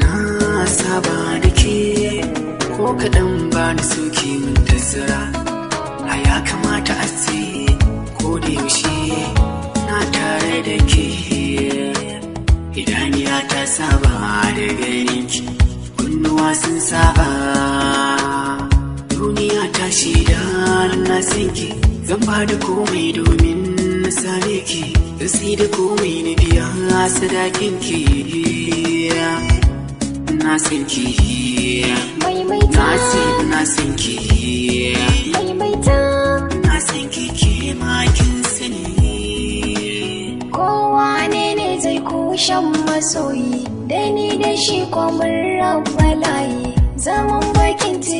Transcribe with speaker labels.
Speaker 1: na saba da ke ko kaɗan ba da soke
Speaker 2: min a ya kamata a ce ko da yaushe na tare da ke idaniya ta saba da ganin ki
Speaker 3: kunnuwa sun saba duniya ta shaida na san zan ba da komai domin na same ki sai da komai na biya sadakin ki na san ki na san na san ki
Speaker 4: na san ki ke ma kin sani kowa ne ne zai kushen masoyi da ni da shi ko mun zaman bakin ti